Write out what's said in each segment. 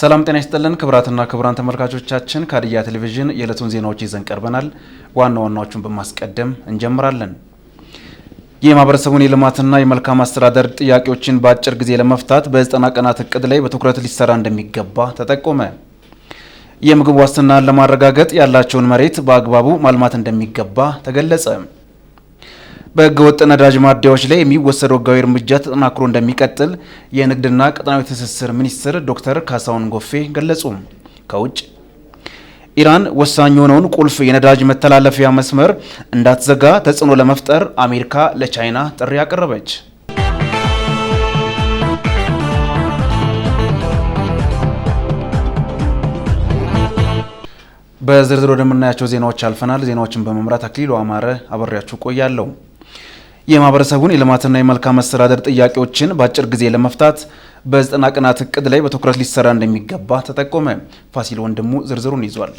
ሰላም ጤና ይስጥልን ክብራትና ክቡራን ተመልካቾቻችን፣ ሀዲያ ቴሌቪዥን የዕለቱን ዜናዎች ይዘን ቀርበናል። ዋና ዋናዎቹን በማስቀደም እንጀምራለን። የማህበረሰቡን የልማትና የመልካም አስተዳደር ጥያቄዎችን በአጭር ጊዜ ለመፍታት በዘጠና ቀናት እቅድ ላይ በትኩረት ሊሰራ እንደሚገባ ተጠቆመ። የምግብ ዋስትናን ለማረጋገጥ ያላቸውን መሬት በአግባቡ ማልማት እንደሚገባ ተገለጸ። በህገወጥ ነዳጅ ማደያዎች ላይ የሚወሰደው ህጋዊ እርምጃ ተጠናክሮ እንደሚቀጥል የንግድና ቀጠናዊ ትስስር ሚኒስትር ዶክተር ካሳሁን ጎፌ ገለጹ። ከውጭ ኢራን ወሳኝ የሆነውን ቁልፍ የነዳጅ መተላለፊያ መስመር እንዳትዘጋ ተጽዕኖ ለመፍጠር አሜሪካ ለቻይና ጥሪ አቀረበች። በዝርዝር ወደምናያቸው ዜናዎች አልፈናል። ዜናዎችን በመምራት አክሊሉ አማረ አበሬያችሁ ቆያለሁ። የማህበረሰቡን የልማትና የመልካም አስተዳደር ጥያቄዎችን በአጭር ጊዜ ለመፍታት በዘጠና ቀናት እቅድ ላይ በትኩረት ሊሰራ እንደሚገባ ተጠቆመ። ፋሲል ወንድሙ ዝርዝሩን ይዟል።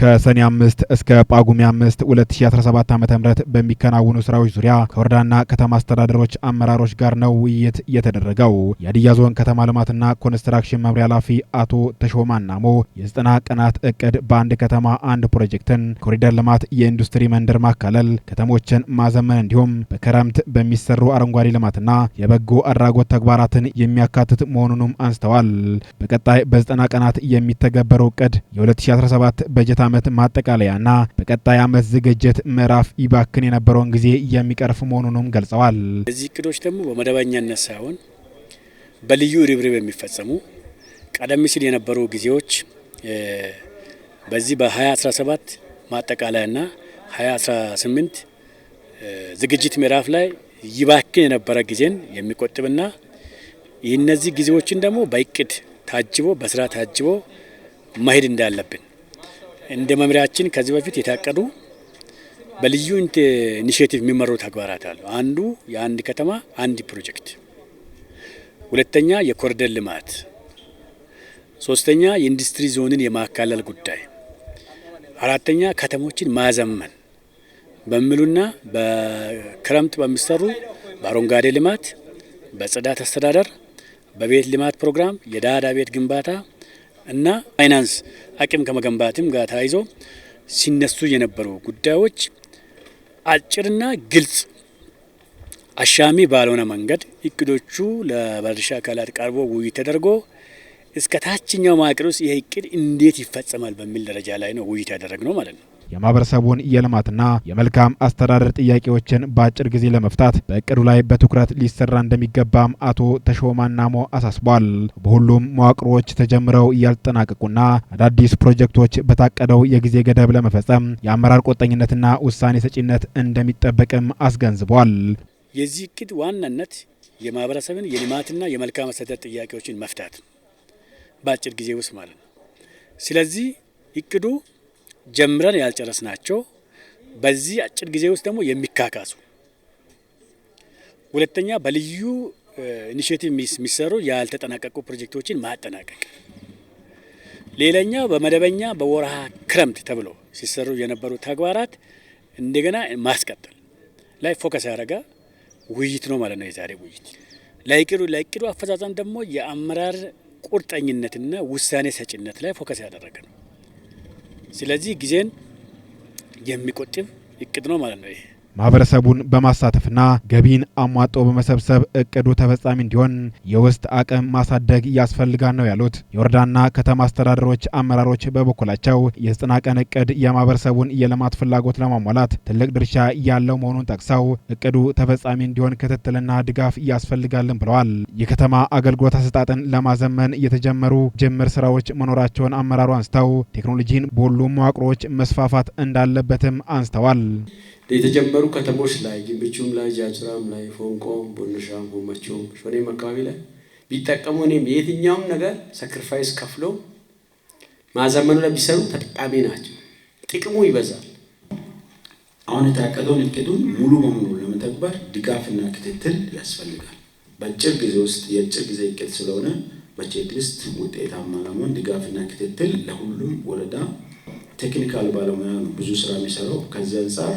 ከሰኔ አምስት እስከ ጳጉሜ አምስት 2017 ዓ ም በሚከናወኑ ስራዎች ዙሪያ ከወረዳና ከተማ አስተዳደሮች አመራሮች ጋር ነው ውይይት የተደረገው። የሀዲያ ዞን ከተማ ልማትና ኮንስትራክሽን መምሪያ ኃላፊ አቶ ተሾማ ናሞ የዘጠና ቀናት እቅድ በአንድ ከተማ አንድ ፕሮጀክትን፣ ኮሪደር ልማት፣ የኢንዱስትሪ መንደር ማካለል፣ ከተሞችን ማዘመን እንዲሁም በክረምት በሚሰሩ አረንጓዴ ልማትና የበጎ አድራጎት ተግባራትን የሚያካትት መሆኑንም አንስተዋል። በቀጣይ በዘጠና ቀናት የሚተገበረው እቅድ የ2017 በጀት ዓመት ማጠቃለያና በቀጣይ ዓመት ዝግጅት ምዕራፍ ይባክን የነበረውን ጊዜ የሚቀርፍ መሆኑንም ገልጸዋል። እነዚህ እቅዶች ደግሞ በመደበኛነት ሳይሆን በልዩ ርብርብ የሚፈጸሙ ቀደም ሲል የነበሩ ጊዜዎች በዚህ በ2017 ማጠቃለያና 2018 ዝግጅት ምዕራፍ ላይ ይባክን የነበረ ጊዜን የሚቆጥብና እነዚህ ጊዜዎችን ደግሞ በእቅድ ታጅቦ በስራ ታጅቦ መሄድ እንዳለብን እንደ መምሪያችን ከዚህ በፊት የታቀዱ በልዩ ኢኒሽቲቭ የሚመሩ ተግባራት አሉ። አንዱ የአንድ ከተማ አንድ ፕሮጀክት፣ ሁለተኛ የኮሪደር ልማት፣ ሶስተኛ የኢንዱስትሪ ዞንን የማካለል ጉዳይ፣ አራተኛ ከተሞችን ማዘመን በሚሉና በክረምት በሚሰሩ በአረንጓዴ ልማት፣ በጽዳት አስተዳደር፣ በቤት ልማት ፕሮግራም፣ የዳዳ ቤት ግንባታ እና ፋይናንስ አቅም ከመገንባትም ጋር ተያይዞ ሲነሱ የነበሩ ጉዳዮች አጭርና ግልጽ አሻሚ ባልሆነ መንገድ እቅዶቹ ለባለድርሻ አካላት ቀርቦ ውይይት ተደርጎ እስከ ታችኛው መዋቅር ውስጥ ይህ እቅድ እንዴት ይፈጸማል በሚል ደረጃ ላይ ነው ውይይት ያደረግ ነው ማለት ነው። የማህበረሰቡን የልማትና የመልካም አስተዳደር ጥያቄዎችን በአጭር ጊዜ ለመፍታት በእቅዱ ላይ በትኩረት ሊሰራ እንደሚገባም አቶ ተሾማናሞ አሳስቧል። በሁሉም መዋቅሮች ተጀምረው እያልጠናቀቁና አዳዲስ ፕሮጀክቶች በታቀደው የጊዜ ገደብ ለመፈጸም የአመራር ቁርጠኝነትና ውሳኔ ሰጪነት እንደሚጠበቅም አስገንዝቧል። የዚህ እቅድ ዋናነት የማህበረሰብን የልማትና የመልካም አስተዳደር ጥያቄዎችን መፍታት በአጭር ጊዜ ውስጥ ማለት ነው። ስለዚህ እቅዱ ጀምረን ያልጨረስ ናቸው። በዚህ አጭር ጊዜ ውስጥ ደግሞ የሚካካሱ ሁለተኛ በልዩ ኢኒሽቲቭ የሚሰሩ ያልተጠናቀቁ ፕሮጀክቶችን ማጠናቀቅ፣ ሌላኛ በመደበኛ በወርሃ ክረምት ተብሎ ሲሰሩ የነበሩ ተግባራት እንደገና ማስቀጠል ላይ ፎከስ ያደረገ ውይይት ነው ማለት ነው የዛሬ ውይይት። ለእቅዱ ለእቅዱ አፈጻጸም ደግሞ የአመራር ቁርጠኝነትና ውሳኔ ሰጭነት ላይ ፎከስ ያደረገ ነው። ስለዚህ ጊዜን የሚቆጥብ እቅድ ነው ማለት ነው ይሄ። ማህበረሰቡን በማሳተፍና ገቢን አሟጦ በመሰብሰብ እቅዱ ተፈጻሚ እንዲሆን የውስጥ አቅም ማሳደግ ያስፈልጋል ነው ያሉት። የወረዳና ከተማ አስተዳደሮች አመራሮች በበኩላቸው ቀን እቅድ የማህበረሰቡን የልማት ፍላጎት ለማሟላት ትልቅ ድርሻ ያለው መሆኑን ጠቅሰው እቅዱ ተፈጻሚ እንዲሆን ክትትልና ድጋፍ ያስፈልጋልን ብለዋል። የከተማ አገልግሎት አሰጣጥን ለማዘመን የተጀመሩ ጅምር ስራዎች መኖራቸውን አመራሩ አንስተው ቴክኖሎጂን በሁሉም መዋቅሮች መስፋፋት እንዳለበትም አንስተዋል። የተጀመሩ ከተሞች ላይ ግንብቹም ላይ ጃጅራም ላይ ፎንቆም፣ ቦንሻም፣ ሆመቾም፣ ሾኔም አካባቢ ላይ ቢጠቀሙ እኔም የየትኛውም ነገር ሰክሪፋይስ ከፍሎ ማዘመኑ ላይ ቢሰሩ ተጠቃሚ ናቸው። ጥቅሙ ይበዛል። አሁን የታቀደውን እቅዱን ሙሉ በሙሉ ለመተግበር ድጋፍና ክትትል ያስፈልጋል። በአጭር ጊዜ ውስጥ የአጭር ጊዜ እቅድ ስለሆነ በቼክሊስት ውጤታማ ለመሆን ድጋፍና ክትትል ለሁሉም ወረዳ ቴክኒካል ባለሙያ ነው ብዙ ስራ የሚሰራው ከዚህ አንጻር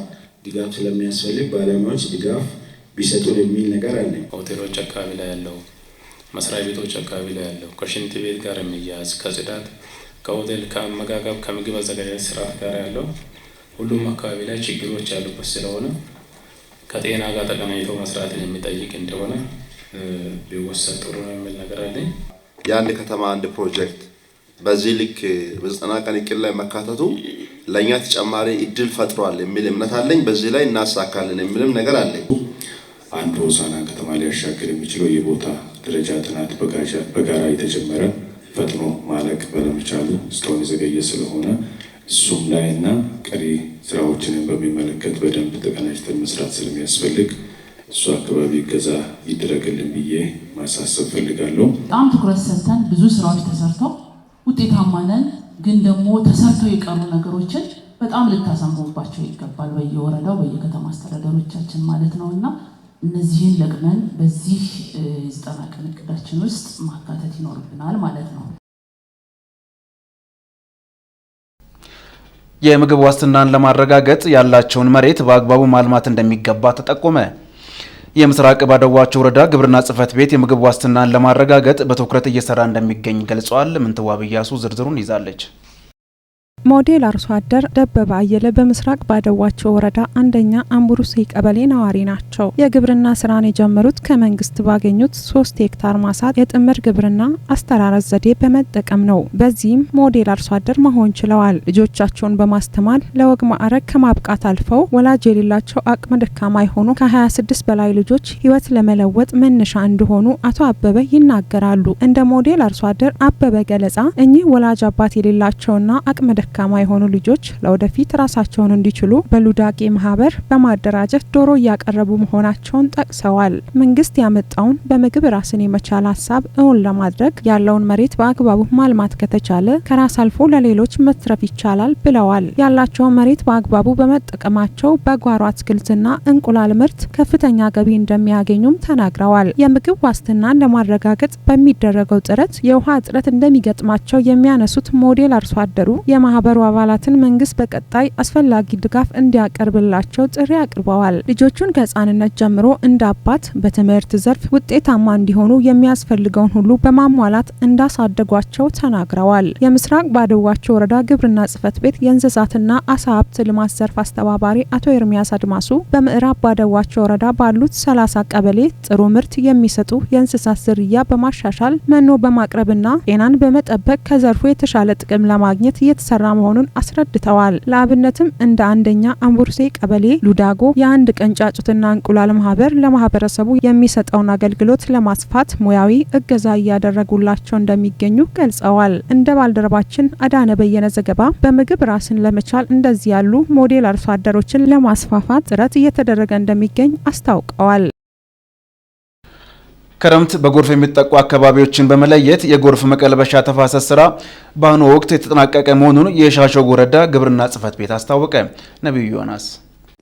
ድጋፍ ስለሚያስፈልግ ባለሙያዎች ድጋፍ ቢሰጡን የሚል ነገር አለ። ሆቴሎች አካባቢ ላይ ያለው መስሪያ ቤቶች አካባቢ ላይ ያለው ከሽንት ቤት ጋር የሚያያዝ ከጽዳት፣ ከሆቴል፣ ከአመጋገብ፣ ከምግብ አዘጋጀት ስርዓት ጋር ያለው ሁሉም አካባቢ ላይ ችግሮች ያሉበት ስለሆነ ከጤና ጋር ተቀናኝቶ መስራትን የሚጠይቅ እንደሆነ ቢወሰድ ጥሩ ነው የሚል ነገር አለኝ። የአንድ ከተማ አንድ ፕሮጀክት በዚህ ልክ በዘጠና ቀን እቅድ ላይ መካተቱ ለእኛ ተጨማሪ እድል ፈጥሯል የሚል እምነት አለኝ። በዚህ ላይ እናሳካለን የሚልም ነገር አለኝ። አንድ ሆሳና ከተማ ሊያሻገር የሚችለው የቦታ ደረጃ ጥናት በጋራ የተጀመረ ፈጥኖ ማለቅ ባለመቻሉ እስካሁን የዘገየ ስለሆነ እሱም ላይ እና ቀሪ ስራዎችንም በሚመለከት በደንብ ተቀናጅተን መስራት ስለሚያስፈልግ እሱ አካባቢ ገዛ ይደረግልን ብዬ ማሳሰብ ፈልጋለሁ። በጣም ትኩረት ሰጥተን ብዙ ስራዎች ተሰርተው ውጤታማ ነን። ግን ደግሞ ተሰርተው የቀሩ ነገሮችን በጣም ልታሳምቡባቸው ይገባል። በየወረዳው በየከተማ አስተዳደሮቻችን ማለት ነው እና እነዚህን ለቅመን በዚህ ዘጠና ቀን እቅዳችን ውስጥ ማካተት ይኖርብናል ማለት ነው። የምግብ ዋስትናን ለማረጋገጥ ያላቸውን መሬት በአግባቡ ማልማት እንደሚገባ ተጠቆመ። የምስራቅ ባደዋቸው ወረዳ ግብርና ጽህፈት ቤት የምግብ ዋስትናን ለማረጋገጥ በትኩረት እየሰራ እንደሚገኝ ገልጿል። ምንትዋብ እያሱ ዝርዝሩን ይዛለች። ሞዴል አርሶ አደር ደበበ አየለ በምስራቅ ባደዋቸው ወረዳ አንደኛ አምቡሩሴ ቀበሌ ነዋሪ ናቸው። የግብርና ስራን የጀመሩት ከመንግስት ባገኙት ሶስት ሄክታር ማሳት የጥምር ግብርና አስተራረስ ዘዴ በመጠቀም ነው። በዚህም ሞዴል አርሶ አደር መሆን ችለዋል። ልጆቻቸውን በማስተማር ለወግ ማዕረግ ከማብቃት አልፈው ወላጅ የሌላቸው አቅመ ደካማ የሆኑ ከ26 በላይ ልጆች ህይወት ለመለወጥ መነሻ እንደሆኑ አቶ አበበ ይናገራሉ። እንደ ሞዴል አርሶ አደር አበበ ገለጻ እኚህ ወላጅ አባት የሌላቸውና አቅመ ደካ ደካማ የሆኑ ልጆች ለወደፊት ራሳቸውን እንዲችሉ በሉዳቄ ማህበር በማደራጀት ዶሮ እያቀረቡ መሆናቸውን ጠቅሰዋል። መንግስት ያመጣውን በምግብ ራስን የመቻል ሀሳብ እውን ለማድረግ ያለውን መሬት በአግባቡ ማልማት ከተቻለ ከራስ አልፎ ለሌሎች መትረፍ ይቻላል ብለዋል። ያላቸውን መሬት በአግባቡ በመጠቀማቸው በጓሮ አትክልትና እንቁላል ምርት ከፍተኛ ገቢ እንደሚያገኙም ተናግረዋል። የምግብ ዋስትናን ለማረጋገጥ በሚደረገው ጥረት የውሃ እጥረት እንደሚገጥማቸው የሚያነሱት ሞዴል አርሶ አደሩ የማህበ የማህበሩ አባላትን መንግስት በቀጣይ አስፈላጊ ድጋፍ እንዲያቀርብላቸው ጥሪ አቅርበዋል። ልጆቹን ከህፃንነት ጀምሮ እንደ አባት በትምህርት ዘርፍ ውጤታማ እንዲሆኑ የሚያስፈልገውን ሁሉ በማሟላት እንዳሳደጓቸው ተናግረዋል። የምስራቅ ባደዋቸው ወረዳ ግብርና ጽህፈት ቤት የእንስሳትና አሳ ሀብት ልማት ዘርፍ አስተባባሪ አቶ ኤርሚያስ አድማሱ በምዕራብ ባደዋቸው ወረዳ ባሉት ሰላሳ ቀበሌ ጥሩ ምርት የሚሰጡ የእንስሳት ዝርያ በማሻሻል መኖ በማቅረብና ጤናን በመጠበቅ ከዘርፉ የተሻለ ጥቅም ለማግኘት እየተሰራ መሆኑን አስረድተዋል። ለአብነትም እንደ አንደኛ አምቡርሴ ቀበሌ ሉዳጎ የአንድ ቀን ጫጩትና እንቁላል ማህበር ለማህበረሰቡ የሚሰጠውን አገልግሎት ለማስፋት ሙያዊ እገዛ እያደረጉላቸው እንደሚገኙ ገልጸዋል። እንደ ባልደረባችን አዳነ በየነ ዘገባ በምግብ ራስን ለመቻል እንደዚህ ያሉ ሞዴል አርሶ አደሮችን ለማስፋፋት ጥረት እየተደረገ እንደሚገኝ አስታውቀዋል። ክረምት በጎርፍ የሚጠቁ አካባቢዎችን በመለየት የጎርፍ መቀልበሻ ተፋሰስ ስራ በአሁኑ ወቅት የተጠናቀቀ መሆኑን የሻሸጎ ወረዳ ግብርና ጽሕፈት ቤት አስታወቀ። ነቢዩ ዮናስ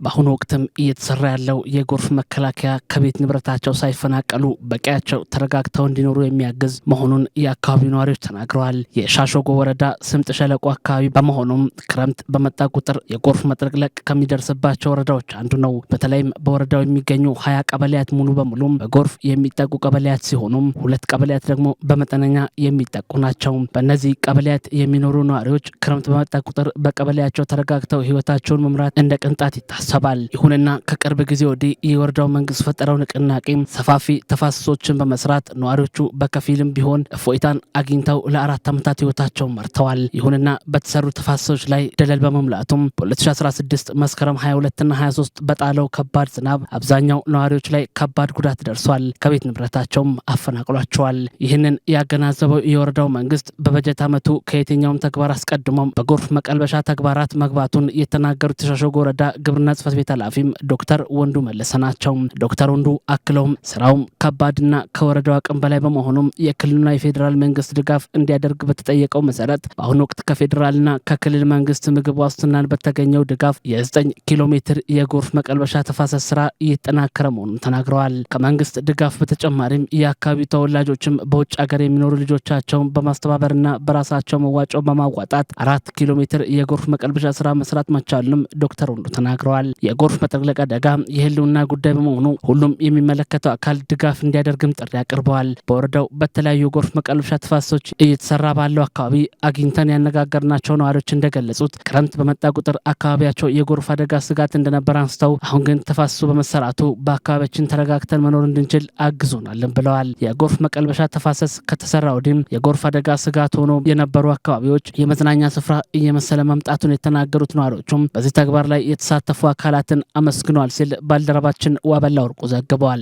በአሁኑ ወቅትም እየተሰራ ያለው የጎርፍ መከላከያ ከቤት ንብረታቸው ሳይፈናቀሉ በቀያቸው ተረጋግተው እንዲኖሩ የሚያግዝ መሆኑን የአካባቢው ነዋሪዎች ተናግረዋል። የሻሾጎ ወረዳ ስምጥ ሸለቆ አካባቢ በመሆኑም ክረምት በመጣ ቁጥር የጎርፍ መጥለቅለቅ ከሚደርስባቸው ወረዳዎች አንዱ ነው። በተለይም በወረዳው የሚገኙ ሀያ ቀበሌያት ሙሉ በሙሉም በጎርፍ የሚጠቁ ቀበሌያት ሲሆኑም ሁለት ቀበሌያት ደግሞ በመጠነኛ የሚጠቁ ናቸው። በእነዚህ ቀበሌያት የሚኖሩ ነዋሪዎች ክረምት በመጣ ቁጥር በቀበሌያቸው ተረጋግተው ህይወታቸውን መምራት እንደ ቅንጣት ይታሰባል። ይታሰባል። ይሁንና ከቅርብ ጊዜ ወዲህ የወረዳው መንግስት ፈጠረው ንቅናቄ ሰፋፊ ተፋሰሶችን በመስራት ነዋሪዎቹ በከፊልም ቢሆን እፎይታን አግኝተው ለአራት ዓመታት ህይወታቸውን መርተዋል። ይሁንና በተሰሩ ተፋሰሶች ላይ ደለል በመሙላቱም በ2016 መስከረም 22ና 23 በጣለው ከባድ ዝናብ አብዛኛው ነዋሪዎች ላይ ከባድ ጉዳት ደርሷል። ከቤት ንብረታቸውም አፈናቅሏቸዋል። ይህንን ያገናዘበው የወረዳው መንግስት በበጀት ዓመቱ ከየትኛውም ተግባር አስቀድሞም በጎርፍ መቀልበሻ ተግባራት መግባቱን የተናገሩት የተሻሸጎ ወረዳ ግብርና ጽህፈት ቤት ኃላፊም ዶክተር ወንዱ መለሰ ናቸው። ዶክተር ወንዱ አክለውም ስራውም ከባድና ከወረዳው አቅም በላይ በመሆኑም የክልልና የፌዴራል መንግስት ድጋፍ እንዲያደርግ በተጠየቀው መሰረት በአሁኑ ወቅት ከፌዴራልና ከክልል መንግስት ምግብ ዋስትናን በተገኘው ድጋፍ የ9 ኪሎ ሜትር የጎርፍ መቀልበሻ ተፋሰስ ስራ እየተጠናከረ መሆኑን ተናግረዋል። ከመንግስት ድጋፍ በተጨማሪም የአካባቢው ተወላጆችም በውጭ ሀገር የሚኖሩ ልጆቻቸውን በማስተባበርና በራሳቸው መዋጮ በማዋጣት አራት ኪሎ ሜትር የጎርፍ መቀልበሻ ስራ መስራት መቻሉንም ዶክተር ወንዱ ተናግረዋል። የጎርፍ መጥለቅለቅ አደጋ የህልውና ጉዳይ በመሆኑ ሁሉም የሚመለከተው አካል ድጋፍ እንዲያደርግም ጥሪ አቅርበዋል። በወረዳው በተለያዩ የጎርፍ መቀልበሻ ተፋሰሶች እየተሰራ ባለው አካባቢ አግኝተን ያነጋገርናቸው ነዋሪዎች እንደገለጹት ክረምት በመጣ ቁጥር አካባቢያቸው የጎርፍ አደጋ ስጋት እንደነበር አንስተው አሁን ግን ተፋሰሱ በመሰራቱ በአካባቢያችን ተረጋግተን መኖር እንድንችል አግዞናልን ብለዋል። የጎርፍ መቀልበሻ ተፋሰስ ከተሰራ ወዲህም የጎርፍ አደጋ ስጋት ሆኖ የነበሩ አካባቢዎች የመዝናኛ ስፍራ እየመሰለ መምጣቱን የተናገሩት ነዋሪዎቹም በዚህ ተግባር ላይ የተሳተፉ አካላትን አመስግኗል ሲል ባልደረባችን ዋበላ ወርቁ ዘግቧል።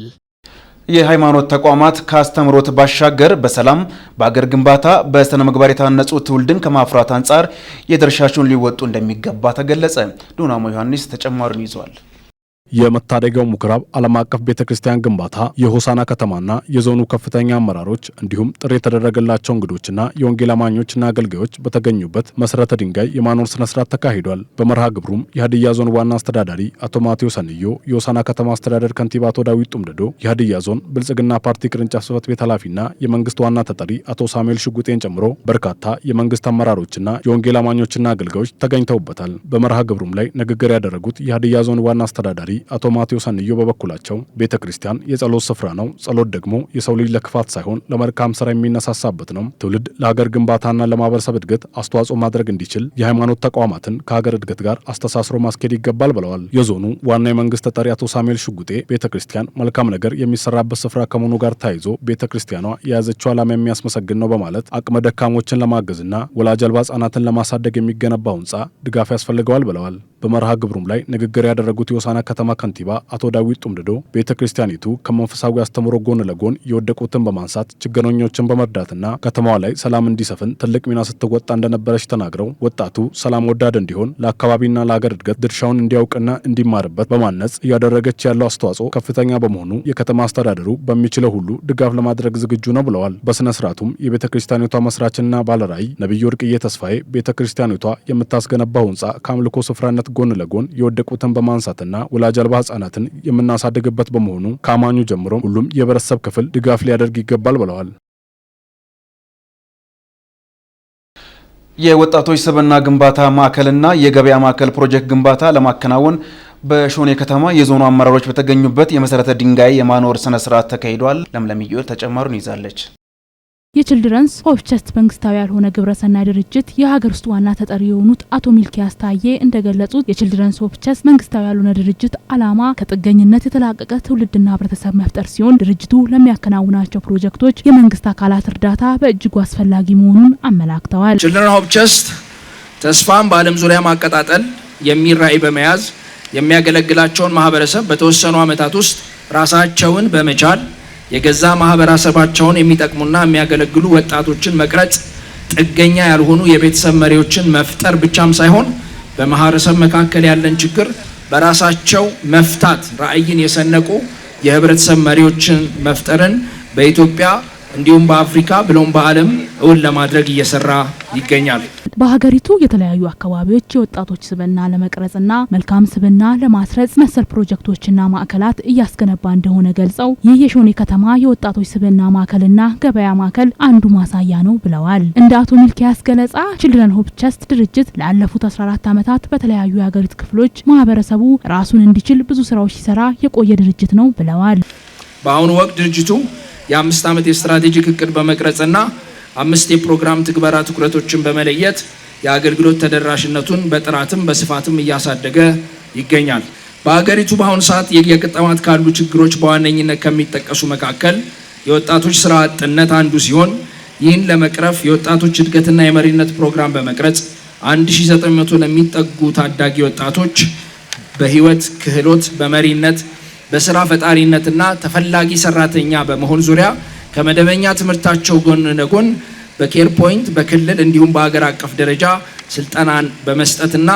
የሃይማኖት ተቋማት ከአስተምሮት ባሻገር በሰላም በአገር ግንባታ በስነ ምግባር የታነጹ ትውልድን ከማፍራት አንጻር የድርሻቸውን ሊወጡ እንደሚገባ ተገለጸ። ዱናሞ ዮሐንስ ተጨማሪውን ይዟል። የመታደጊያው ምኩራብ ዓለም አቀፍ ቤተ ክርስቲያን ግንባታ የሆሳና ከተማና የዞኑ ከፍተኛ አመራሮች እንዲሁም ጥሪ የተደረገላቸው እንግዶችና የወንጌል አማኞችና አገልጋዮች በተገኙበት መሰረተ ድንጋይ የማኖር ስነ ስርዓት ተካሂዷል። በመርሃ ግብሩም የሀዲያ ዞን ዋና አስተዳዳሪ አቶ ማቴዎ ሰንዮ፣ የሆሳና ከተማ አስተዳደር ከንቲባ አቶ ዳዊት ጡምደዶ፣ የሀዲያ ዞን ብልጽግና ፓርቲ ቅርንጫፍ ጽህፈት ቤት ኃላፊና የመንግስት ዋና ተጠሪ አቶ ሳሙኤል ሽጉጤን ጨምሮ በርካታ የመንግስት አመራሮችና የወንጌል አማኞችና አገልጋዮች ተገኝተውበታል። በመርሃ ግብሩም ላይ ንግግር ያደረጉት የሀዲያ ዞን ዋና አስተዳዳሪ አቶ ማቴዎስ አንዮ በበኩላቸው ቤተ ክርስቲያን የጸሎት ስፍራ ነው። ጸሎት ደግሞ የሰው ልጅ ለክፋት ሳይሆን ለመልካም ስራ የሚነሳሳበት ነው። ትውልድ ለሀገር ግንባታና ለማህበረሰብ እድገት አስተዋጽኦ ማድረግ እንዲችል የሃይማኖት ተቋማትን ከሀገር እድገት ጋር አስተሳስሮ ማስኬድ ይገባል ብለዋል። የዞኑ ዋና የመንግስት ተጠሪ አቶ ሳሙኤል ሽጉጤ ቤተ ክርስቲያን መልካም ነገር የሚሰራበት ስፍራ ከመሆኑ ጋር ተያይዞ ቤተ ክርስቲያኗ የያዘችው ዓላማ የሚያስመሰግን ነው በማለት አቅመ ደካሞችን ለማገዝና ወላጅ አልባ ህጻናትን ለማሳደግ የሚገነባው ህንፃ ድጋፍ ያስፈልገዋል ብለዋል። በመርሃ ግብሩም ላይ ንግግር ያደረጉት የሆሳና ከተማ ከንቲባ አቶ ዳዊት ጡምድዶ ቤተ ክርስቲያኒቱ ከመንፈሳዊ አስተምሮ ጎን ለጎን የወደቁትን በማንሳት ችግረኞችን በመርዳትና ከተማዋ ላይ ሰላም እንዲሰፍን ትልቅ ሚና ስትወጣ እንደነበረች ተናግረው ወጣቱ ሰላም ወዳድ እንዲሆን ለአካባቢና ለአገር እድገት ድርሻውን እንዲያውቅና እንዲማርበት በማነጽ እያደረገች ያለው አስተዋጽኦ ከፍተኛ በመሆኑ የከተማ አስተዳደሩ በሚችለው ሁሉ ድጋፍ ለማድረግ ዝግጁ ነው ብለዋል። በሥነ ሥርዓቱም የቤተ ክርስቲያኒቷ መስራችና ባለራዕይ ነቢዩ ወርቅዬ ተስፋዬ ቤተ ክርስቲያኒቷ የምታስገነባው ህንፃ ከአምልኮ ስፍራነት ጥረት ጎን ለጎን የወደቁትን በማንሳትና ወላጅ አልባ ህጻናትን የምናሳድግበት በመሆኑ ከአማኙ ጀምሮ ሁሉም የህብረተሰብ ክፍል ድጋፍ ሊያደርግ ይገባል ብለዋል። የወጣቶች ስብና ግንባታ ማዕከልና የገበያ ማዕከል ፕሮጀክት ግንባታ ለማከናወን በሾኔ ከተማ የዞኑ አመራሮች በተገኙበት የመሰረተ ድንጋይ የማኖር ስነ ስርዓት ተካሂዷል። ለምለም ዩኤል ይዛለች። የችልድረንስ ኦፍ ቸስት መንግስታዊ ያልሆነ ግብረሰናይ ድርጅት የሀገር ውስጥ ዋና ተጠሪ የሆኑት አቶ ሚልኪያስ ታዬ እንደገለጹት የችልድረንስ ኦፍ ቸስት መንግስታዊ ያልሆነ ድርጅት አላማ ከጥገኝነት የተላቀቀ ትውልድና ህብረተሰብ መፍጠር ሲሆን ድርጅቱ ለሚያከናውናቸው ፕሮጀክቶች የመንግስት አካላት እርዳታ በእጅጉ አስፈላጊ መሆኑን አመላክተዋል። ችልድረን ኦፍ ቸስት ተስፋን በዓለም ዙሪያ ማቀጣጠል የሚል ራዕይ በመያዝ የሚያገለግላቸውን ማህበረሰብ በተወሰኑ ዓመታት ውስጥ ራሳቸውን በመቻል የገዛ ማህበረሰባቸውን የሚጠቅሙና የሚያገለግሉ ወጣቶችን መቅረጽ፣ ጥገኛ ያልሆኑ የቤተሰብ መሪዎችን መፍጠር ብቻም ሳይሆን በማህበረሰብ መካከል ያለን ችግር በራሳቸው መፍታት ራዕይን የሰነቁ የህብረተሰብ መሪዎችን መፍጠርን በኢትዮጵያ እንዲሁም በአፍሪካ ብሎም በዓለም እውን ለማድረግ እየሰራ ይገኛል። በሀገሪቱ የተለያዩ አካባቢዎች የወጣቶች ስብና ለመቅረጽና መልካም ስብና ለማስረጽ መሰል ፕሮጀክቶችና ማዕከላት እያስገነባ እንደሆነ ገልጸው ይህ የሾኔ ከተማ የወጣቶች ስብና ማዕከልና ገበያ ማዕከል አንዱ ማሳያ ነው ብለዋል። እንደ አቶ ሚልኪያስ ገለጻ ችልድረን ሆፕ ቸስት ድርጅት ላለፉት 14 ዓመታት በተለያዩ የሀገሪቱ ክፍሎች ማህበረሰቡ ራሱን እንዲችል ብዙ ስራዎች ሲሰራ የቆየ ድርጅት ነው ብለዋል። በአሁኑ ወቅት ድርጅቱ የአምስት ዓመት የስትራቴጂክ እቅድ በመቅረጽና አምስት የፕሮግራም ትግበራ ትኩረቶችን በመለየት የአገልግሎት ተደራሽነቱን በጥራትም በስፋትም እያሳደገ ይገኛል። በሀገሪቱ በአሁኑ ሰዓት የገጠማት ካሉ ችግሮች በዋነኝነት ከሚጠቀሱ መካከል የወጣቶች ስራ አጥነት አንዱ ሲሆን ይህን ለመቅረፍ የወጣቶች እድገትና የመሪነት ፕሮግራም በመቅረጽ 1900 ለሚጠጉ ታዳጊ ወጣቶች በህይወት ክህሎት፣ በመሪነት፣ በስራ ፈጣሪነትና ተፈላጊ ሰራተኛ በመሆን ዙሪያ ከመደበኛ ትምህርታቸው ጎን ለጎን በኬር ፖይንት በክልል እንዲሁም በሀገር አቀፍ ደረጃ ስልጠናን በመስጠትና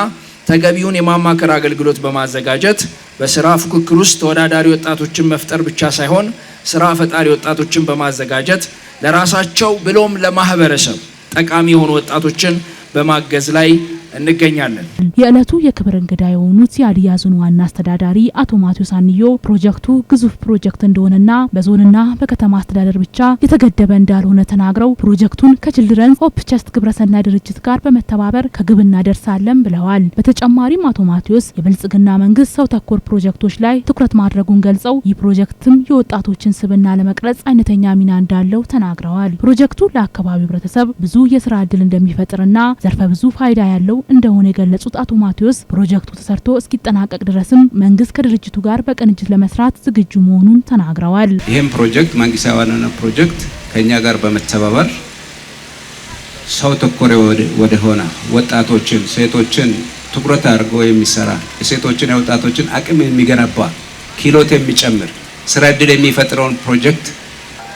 ተገቢውን የማማከር አገልግሎት በማዘጋጀት በስራ ፉክክር ውስጥ ተወዳዳሪ ወጣቶችን መፍጠር ብቻ ሳይሆን ስራ ፈጣሪ ወጣቶችን በማዘጋጀት ለራሳቸው ብሎም ለማህበረሰብ ጠቃሚ የሆኑ ወጣቶችን በማገዝ ላይ እንገኛለን። የዕለቱ የክብር እንግዳ የሆኑት የሀዲያ ዞን ዋና አስተዳዳሪ አቶ ማቴዎስ አንዮ ፕሮጀክቱ ግዙፍ ፕሮጀክት እንደሆነና በዞንና በከተማ አስተዳደር ብቻ የተገደበ እንዳልሆነ ተናግረው ፕሮጀክቱን ከችልድረን ኦፍ ቸስት ግብረሰናይ ድርጅት ጋር በመተባበር ከግብ እናደርሳለን ብለዋል። በተጨማሪም አቶ ማቴዎስ የብልጽግና መንግስት ሰው ተኮር ፕሮጀክቶች ላይ ትኩረት ማድረጉን ገልጸው ይህ ፕሮጀክትም የወጣቶችን ስብና ለመቅረጽ አይነተኛ ሚና እንዳለው ተናግረዋል። ፕሮጀክቱ ለአካባቢው ህብረተሰብ ብዙ የስራ ዕድል እንደሚፈጥርና ዘርፈ ብዙ ፋይዳ ያለው እንደሆነ የገለጹት አቶ ማቴዎስ ፕሮጀክቱ ተሰርቶ እስኪጠናቀቅ ድረስም መንግስት ከድርጅቱ ጋር በቅንጅት ለመስራት ዝግጁ መሆኑን ተናግረዋል። ይህም ፕሮጀክት መንግስት ያባለነ ፕሮጀክት ከእኛ ጋር በመተባበር ሰው ተኮር ወደሆነ ወጣቶችን፣ ሴቶችን ትኩረት አድርጎ የሚሰራ የሴቶችን የወጣቶችን አቅም የሚገነባ ኪሎት የሚጨምር ስራ እድል የሚፈጥረውን ፕሮጀክት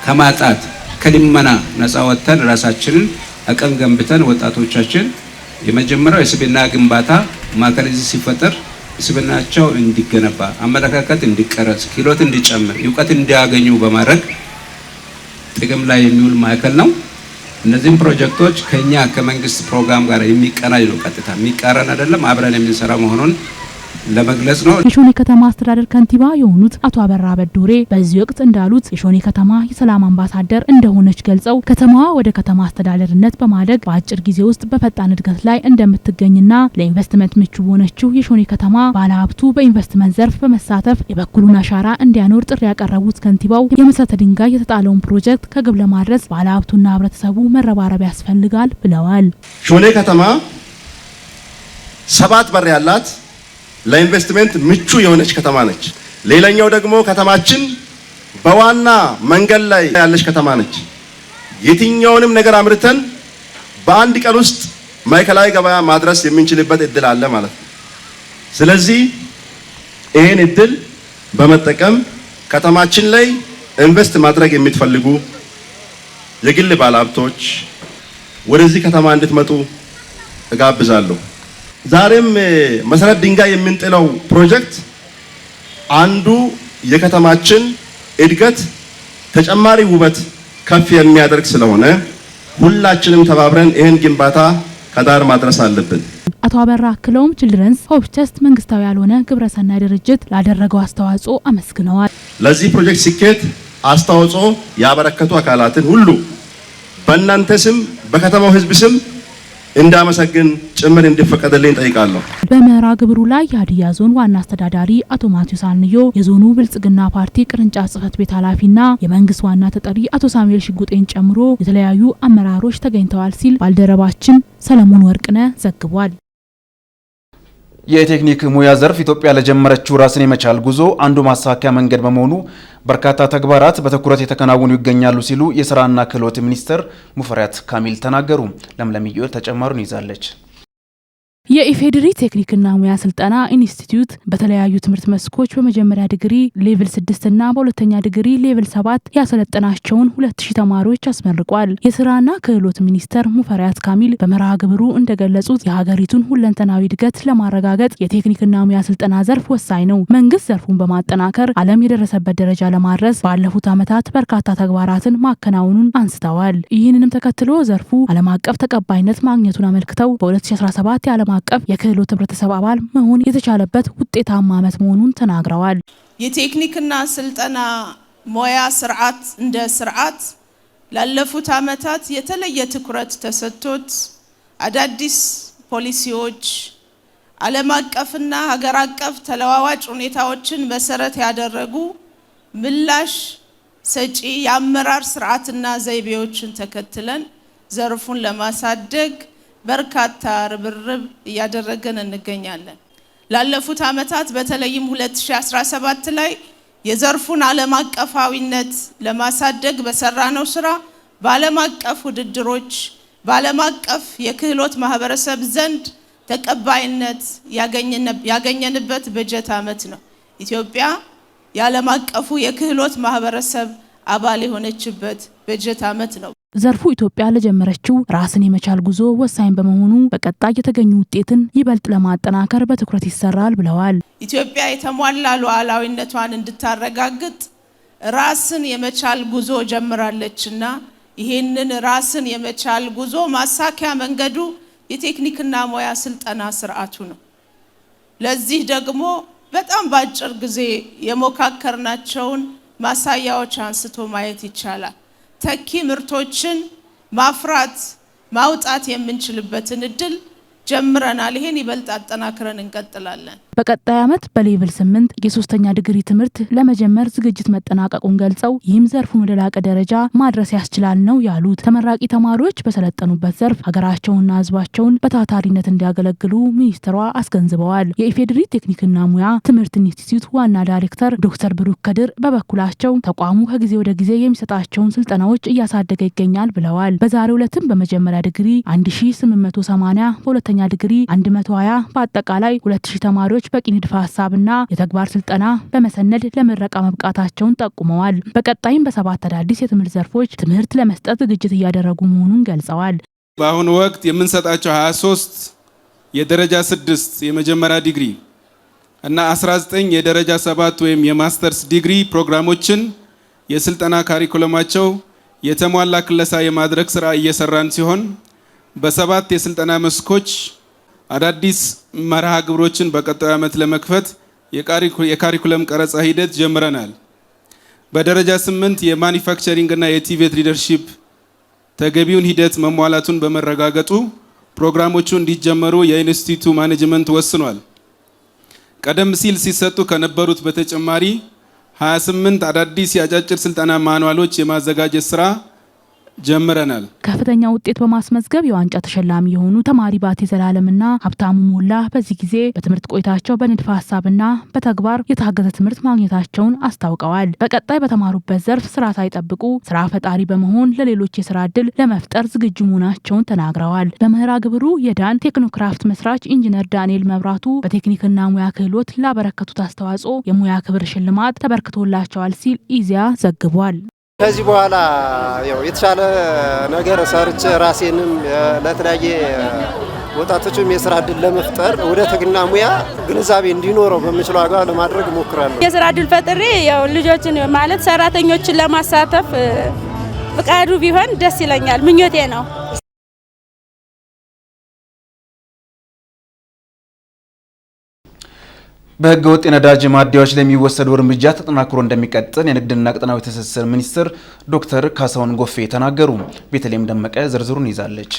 ከማጣት ከልመና ነፃ ወጥተን ራሳችንን አቅም ገንብተን ወጣቶቻችን የመጀመሪያው የስብና ግንባታ ማዕከል እዚህ ሲፈጠር ስብናቸው እንዲገነባ፣ አመለካከት እንዲቀረጽ፣ ክህሎት እንዲጨምር፣ እውቀት እንዲያገኙ በማድረግ ጥቅም ላይ የሚውል ማዕከል ነው። እነዚህም ፕሮጀክቶች ከኛ ከመንግስት ፕሮግራም ጋር የሚቀናጅ ነው። ቀጥታ የሚቃረን አይደለም። አብረን የምንሰራ መሆኑን ለመግለጽ ነው። የሾኔ ከተማ አስተዳደር ከንቲባ የሆኑት አቶ አበራ በዶሬ በዚህ ወቅት እንዳሉት የሾኔ ከተማ የሰላም አምባሳደር እንደሆነች ገልጸው ከተማዋ ወደ ከተማ አስተዳደርነት በማደግ በአጭር ጊዜ ውስጥ በፈጣን እድገት ላይ እንደምትገኝና ለኢንቨስትመንት ምቹ በሆነችው የሾኔ ከተማ ባለሀብቱ በኢንቨስትመንት ዘርፍ በመሳተፍ የበኩሉን አሻራ እንዲያኖር ጥሪ ያቀረቡት ከንቲባው የመሰረተ ድንጋይ የተጣለውን ፕሮጀክት ከግብ ለማድረስ ባለሀብቱና ህብረተሰቡ መረባረብ ያስፈልጋል ብለዋል። ሾኔ ከተማ ሰባት በር ያላት ለኢንቨስትመንት ምቹ የሆነች ከተማ ነች። ሌላኛው ደግሞ ከተማችን በዋና መንገድ ላይ ያለች ከተማ ነች። የትኛውንም ነገር አምርተን በአንድ ቀን ውስጥ ማዕከላዊ ገበያ ማድረስ የምንችልበት እድል አለ ማለት ነው። ስለዚህ ይህን እድል በመጠቀም ከተማችን ላይ ኢንቨስት ማድረግ የምትፈልጉ የግል ባለሀብቶች ወደዚህ ከተማ እንድትመጡ እጋብዛለሁ። ዛሬም መሰረት ድንጋይ የምንጥለው ፕሮጀክት አንዱ የከተማችን እድገት ተጨማሪ ውበት ከፍ የሚያደርግ ስለሆነ ሁላችንም ተባብረን ይህን ግንባታ ከዳር ማድረስ አለብን። አቶ አበራ አክለውም ችልድረንስ ሆፕ ቸስት መንግስታዊ ያልሆነ ግብረሰናይ ድርጅት ላደረገው አስተዋጽኦ አመስግነዋል። ለዚህ ፕሮጀክት ስኬት አስተዋጽኦ ያበረከቱ አካላትን ሁሉ በእናንተ ስም በከተማው ህዝብ ስም እንዳመሰግን ጭምር እንዲፈቀደልኝ ጠይቃለሁ። በመርሃ ግብሩ ላይ የሀዲያ ዞን ዋና አስተዳዳሪ አቶ ማቴዎስ አንዮ፣ የዞኑ ብልጽግና ፓርቲ ቅርንጫፍ ጽህፈት ቤት ኃላፊና የመንግስት ዋና ተጠሪ አቶ ሳሙኤል ሽጉጤን ጨምሮ የተለያዩ አመራሮች ተገኝተዋል ሲል ባልደረባችን ሰለሞን ወርቅነ ዘግቧል። የቴክኒክ ሙያ ዘርፍ ኢትዮጵያ ለጀመረችው ራስን የመቻል ጉዞ አንዱ ማሳካያ መንገድ በመሆኑ በርካታ ተግባራት በትኩረት የተከናወኑ ይገኛሉ ሲሉ የስራና ክህሎት ሚኒስትር ሙፈሪያት ካሚል ተናገሩ። ለምለም ተጨማሩን ይዛለች። የኢፌዴሪ ቴክኒክና ሙያ ስልጠና ኢንስቲትዩት በተለያዩ ትምህርት መስኮች በመጀመሪያ ዲግሪ ሌቭል ስድስት በሁለተኛ ዲግሪ ሌቭል ሰባት ያሰለጠናቸውን ሁለት ሺህ ተማሪዎች አስመርቋል። የስራና ክህሎት ሚኒስተር ሙፈሪያት ካሚል በመርሃ ግብሩ እንደገለጹት የሀገሪቱን ሁለንተናዊ እድገት ለማረጋገጥ የቴክኒክና ሙያ ስልጠና ዘርፍ ወሳኝ ነው። መንግስት ዘርፉን በማጠናከር ዓለም የደረሰበት ደረጃ ለማድረስ ባለፉት ዓመታት በርካታ ተግባራትን ማከናወኑን አንስተዋል። ይህንንም ተከትሎ ዘርፉ ዓለም አቀፍ ተቀባይነት ማግኘቱን አመልክተው በ2017 የዓለም አቀፍ የክህሎት ህብረተሰብ አባል መሆን የተቻለበት ውጤታማ ዓመት መሆኑን ተናግረዋል። የቴክኒክና ስልጠና ሙያ ስርዓት እንደ ስርዓት ላለፉት ዓመታት የተለየ ትኩረት ተሰጥቶት አዳዲስ ፖሊሲዎች ዓለም አቀፍና ሀገር አቀፍ ተለዋዋጭ ሁኔታዎችን መሰረት ያደረጉ ምላሽ ሰጪ የአመራር ስርዓትና ዘይቤዎችን ተከትለን ዘርፉን ለማሳደግ በርካታ ርብርብ እያደረገን እንገኛለን። ላለፉት ዓመታት በተለይም 2017 ላይ የዘርፉን ዓለም አቀፋዊነት ለማሳደግ በሰራነው ስራ በዓለም አቀፍ ውድድሮች በዓለም አቀፍ የክህሎት ማህበረሰብ ዘንድ ተቀባይነት ያገኘንበት በጀት ዓመት ነው። ኢትዮጵያ የዓለም አቀፉ የክህሎት ማህበረሰብ አባል የሆነችበት በጀት ዓመት ነው። ዘርፉ ኢትዮጵያ ለጀመረችው ራስን የመቻል ጉዞ ወሳኝ በመሆኑ በቀጣይ የተገኙ ውጤትን ይበልጥ ለማጠናከር በትኩረት ይሰራል ብለዋል። ኢትዮጵያ የተሟላ ሉዓላዊነቷን እንድታረጋግጥ ራስን የመቻል ጉዞ ጀምራለችና ይህንን ራስን የመቻል ጉዞ ማሳኪያ መንገዱ የቴክኒክና ሙያ ስልጠና ስርዓቱ ነው። ለዚህ ደግሞ በጣም በአጭር ጊዜ የሞካከርናቸውን ማሳያዎች አንስቶ ማየት ይቻላል። ተኪ ምርቶችን ማፍራት ማውጣት የምንችልበትን እድል ጀምረናል። ይሄን ይበልጥ አጠናክረን እንቀጥላለን። በቀጣይ ዓመት በሌቭል ስምንት የሶስተኛ ዲግሪ ትምህርት ለመጀመር ዝግጅት መጠናቀቁን ገልጸው ይህም ዘርፉን ወደ ላቀ ደረጃ ማድረስ ያስችላል ነው ያሉት። ተመራቂ ተማሪዎች በሰለጠኑበት ዘርፍ ሀገራቸውንና ህዝባቸውን በታታሪነት እንዲያገለግሉ ሚኒስትሯ አስገንዝበዋል። የኢፌዴሪ ቴክኒክና ሙያ ትምህርት ኢንስቲትዩት ዋና ዳይሬክተር ዶክተር ብሩክ ከድር በበኩላቸው ተቋሙ ከጊዜ ወደ ጊዜ የሚሰጣቸውን ስልጠናዎች እያሳደገ ይገኛል ብለዋል። በዛሬው ዕለትም በመጀመሪያ ዲግሪ 1880 በሁለተኛ ዲግሪ 120 በአጠቃላይ 2000 ተማሪዎች ተማሪዎች በቂ ንድፈ ሀሳብና የተግባር ስልጠና በመሰነድ ለምረቃ መብቃታቸውን ጠቁመዋል። በቀጣይም በሰባት አዳዲስ የትምህርት ዘርፎች ትምህርት ለመስጠት ዝግጅት እያደረጉ መሆኑን ገልጸዋል። በአሁኑ ወቅት የምንሰጣቸው 23 የደረጃ 6 የመጀመሪያ ዲግሪ እና 19 የደረጃ 7 ወይም የማስተርስ ዲግሪ ፕሮግራሞችን የስልጠና ካሪኩለማቸው የተሟላ ክለሳ የማድረግ ስራ እየሰራን ሲሆን በሰባት የስልጠና መስኮች አዳዲስ መርሃ ግብሮችን በቀጣዩ ዓመት ለመክፈት የካሪኩለም ቀረጻ ሂደት ጀምረናል። በደረጃ ስምንት የማኒፋክቸሪንግ እና የቲቬት ሊደርሺፕ ተገቢውን ሂደት መሟላቱን በመረጋገጡ ፕሮግራሞቹ እንዲጀመሩ የኢንስቲትዩቱ ማኔጅመንት ወስኗል። ቀደም ሲል ሲሰጡ ከነበሩት በተጨማሪ 28 አዳዲስ የአጫጭር ስልጠና ማኗሎች የማዘጋጀት ስራ ጀምረናል። ከፍተኛ ውጤት በማስመዝገብ የዋንጫ ተሸላሚ የሆኑ ተማሪ ባቴ ዘላለምና ሀብታሙ ሞላ በዚህ ጊዜ በትምህርት ቆይታቸው በንድፈ ሀሳብና በተግባር የታገዘ ትምህርት ማግኘታቸውን አስታውቀዋል። በቀጣይ በተማሩበት ዘርፍ ስራ ሳይጠብቁ ስራ ፈጣሪ በመሆን ለሌሎች የስራ እድል ለመፍጠር ዝግጁ መሆናቸውን ተናግረዋል። በምህራ ግብሩ የዳን ቴክኖክራፍት መስራች ኢንጂነር ዳንኤል መብራቱ በቴክኒክና ሙያ ክህሎት ላበረከቱት አስተዋጽኦ የሙያ ክብር ሽልማት ተበርክቶላቸዋል ሲል ኢዜአ ዘግቧል። ከዚህ በኋላ ያው የተሻለ ነገር ሰርቼ ራሴንም ለተለያየ ወጣቶችም የስራ እድል ለመፍጠር ወደ ትግና ሙያ ግንዛቤ እንዲኖረው በምችለው አግባብ ለማድረግ እሞክራለሁ። የስራ እድል ፈጥሬ ያው ልጆችን ማለት ሰራተኞችን ለማሳተፍ ፍቃዱ ቢሆን ደስ ይለኛል፣ ምኞቴ ነው። በህገ ወጥ የነዳጅ ማደያዎች ላይ የሚወሰደው እርምጃ ተጠናክሮ እንደሚቀጥል የንግድና ቀጠናዊ ትስስር ሚኒስትር ዶክተር ካሳሁን ጎፌ ተናገሩ። ቤተልሔም ደመቀ ዝርዝሩን ይዛለች።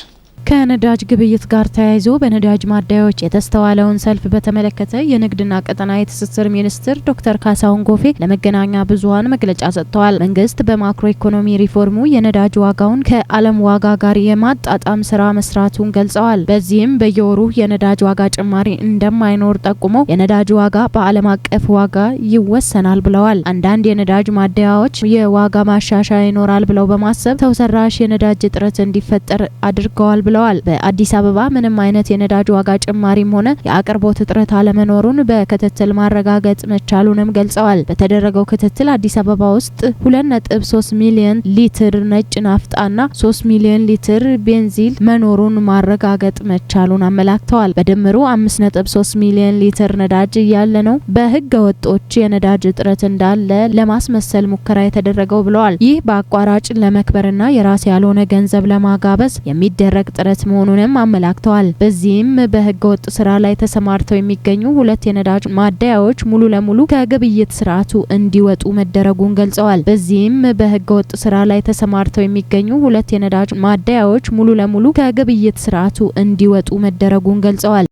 ከነዳጅ ግብይት ጋር ተያይዞ በነዳጅ ማደያዎች የተስተዋለውን ሰልፍ በተመለከተ የንግድና ቀጠናዊ ትስስር ሚኒስትር ዶክተር ካሳሁን ጎፌ ለመገናኛ ብዙኃን መግለጫ ሰጥተዋል። መንግስት በማክሮ ኢኮኖሚ ሪፎርሙ የነዳጅ ዋጋውን ከዓለም ዋጋ ጋር የማጣጣም ስራ መስራቱን ገልጸዋል። በዚህም በየወሩ የነዳጅ ዋጋ ጭማሪ እንደማይኖር ጠቁመው የነዳጅ ዋጋ በዓለም አቀፍ ዋጋ ይወሰናል ብለዋል። አንዳንድ የነዳጅ ማደያዎች የዋጋ ማሻሻያ ይኖራል ብለው በማሰብ ሰው ሰራሽ የነዳጅ እጥረት እንዲፈጠር አድርገዋል ብለዋል። ብለዋል። በአዲስ አበባ ምንም አይነት የነዳጅ ዋጋ ጭማሪም ሆነ የአቅርቦት እጥረት አለመኖሩን በክትትል ማረጋገጥ መቻሉንም ገልጸዋል። በተደረገው ክትትል አዲስ አበባ ውስጥ 2.3 ሚሊዮን ሊትር ነጭ ናፍጣና 3 ሚሊዮን ሊትር ቤንዚል መኖሩን ማረጋገጥ መቻሉን አመላክተዋል። በድምሩ 5.3 ሚሊዮን ሊትር ነዳጅ እያለ ነው በህገ ወጦች የነዳጅ እጥረት እንዳለ ለማስመሰል ሙከራ የተደረገው ብለዋል። ይህ በአቋራጭ ለመክበርና የራስ ያልሆነ ገንዘብ ለማጋበስ የሚደረግ ጥረት ጥረት መሆኑንም አመላክተዋል። በዚህም በህገ ወጥ ስራ ላይ ተሰማርተው የሚገኙ ሁለት የነዳጅ ማደያዎች ሙሉ ለሙሉ ከግብይት ስርዓቱ እንዲወጡ መደረጉን ገልጸዋል። በዚህም በህገወጥ ስራ ላይ ተሰማርተው የሚገኙ ሁለት የነዳጅ ማደያዎች ሙሉ ለሙሉ ከግብይት ስርዓቱ እንዲወጡ መደረጉን ገልጸዋል።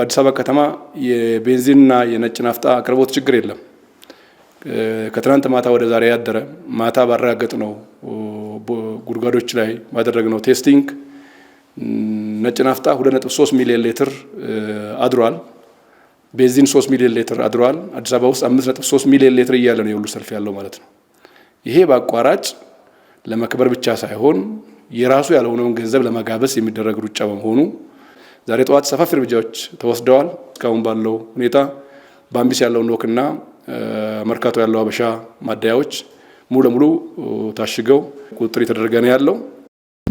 በአዲስ አበባ ከተማ የቤንዚንና የነጭ ናፍጣ አቅርቦት ችግር የለም። ከትናንት ማታ ወደ ዛሬ ያደረ ማታ ባረጋገጥ ነው ጉድጓዶች ላይ ባደረግነው ቴስቲንግ ነጭ ናፍጣ 2.3 ሚሊዮን ሊትር አድሯል። ቤንዚን 3 ሚሊዮን ሊትር አድሯል። አዲስ አበባ ውስጥ 5.3 ሚሊዮን ሊትር እያለ ነው የሁሉ ሰልፍ ያለው ማለት ነው። ይሄ በአቋራጭ ለመክበር ብቻ ሳይሆን የራሱ ያልሆነውን ገንዘብ ለመጋበስ የሚደረግ ሩጫ በመሆኑ ዛሬ ጠዋት ሰፋፊ እርምጃዎች ተወስደዋል። እስካሁን ባለው ሁኔታ በአምቢስ ያለው ኖክና መርካቶ ያለው አበሻ ማደያዎች ሙሉ ለሙሉ ታሽገው ቁጥጥር የተደረገ ነው ያለው።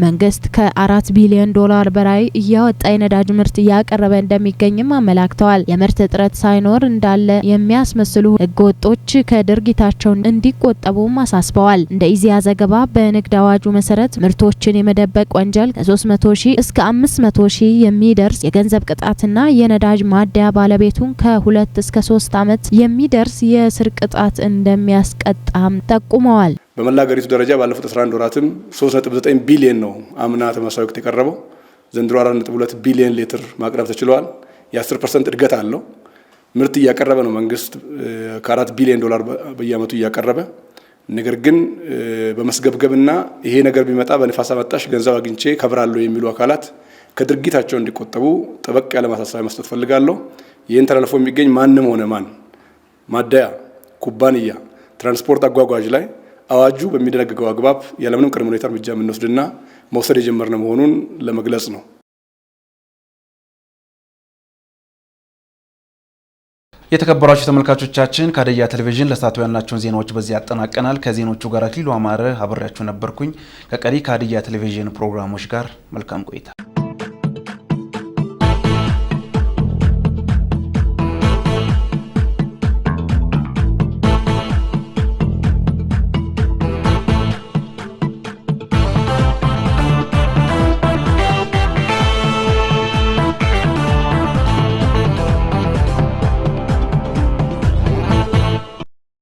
መንግስት ከአራት ቢሊዮን ዶላር በላይ እያወጣ የነዳጅ ምርት እያቀረበ እንደሚገኝም አመላክተዋል። የምርት እጥረት ሳይኖር እንዳለ የሚያስመስሉ ህገወጦች ከድርጊታቸው እንዲቆጠቡም አሳስበዋል። እንደ ኢዜአ ዘገባ በንግድ አዋጁ መሰረት ምርቶችን የመደበቅ ወንጀል ከ300 ሺህ እስከ 500 ሺህ የሚደርስ የገንዘብ ቅጣትና የነዳጅ ማደያ ባለቤቱን ከሁለት እስከ ሶስት ዓመት የሚደርስ የእስር ቅጣት እንደሚያስቀጣም ጠቁመዋል። በመላ ሀገሪቱ ደረጃ ባለፉት 11 ወራትም 3.9 ቢሊየን ነው አምና ተመሳሳይ ወቅት የቀረበው። ዘንድሮ 4.2 ቢሊየን ሊትር ማቅረብ ተችሏል። የ10 ፐርሰንት እድገት አለው። ምርት እያቀረበ ነው መንግስት ከአራት ቢሊዮን ዶላር በየአመቱ እያቀረበ ነገር ግን በመስገብገብና ይሄ ነገር ቢመጣ በንፋስ አመጣሽ ገንዘብ አግኝቼ ከብራለሁ የሚሉ አካላት ከድርጊታቸው እንዲቆጠቡ ጠበቅ ያለ ማሳሰቢያ መስጠት ፈልጋለሁ። ይህን ተላልፎ የሚገኝ ማንም ሆነ ማን ማደያ፣ ኩባንያ፣ ትራንስፖርት አጓጓዥ ላይ አዋጁ በሚደነግገው አግባብ ያለምንም ቅድመ ሁኔታ እርምጃ የምንወስድና መውሰድ የጀመርነው መሆኑን ለመግለጽ ነው። የተከበሯችሁ ተመልካቾቻችን ሀዲያ ቴሌቪዥን ለሳቱ ያልናቸውን ዜናዎች በዚህ ያጠናቀናል። ከዜናዎቹ ጋር አክሊሉ አማረ አብሬያችሁ ነበርኩኝ። ከቀሪ ሀዲያ ቴሌቪዥን ፕሮግራሞች ጋር መልካም ቆይታ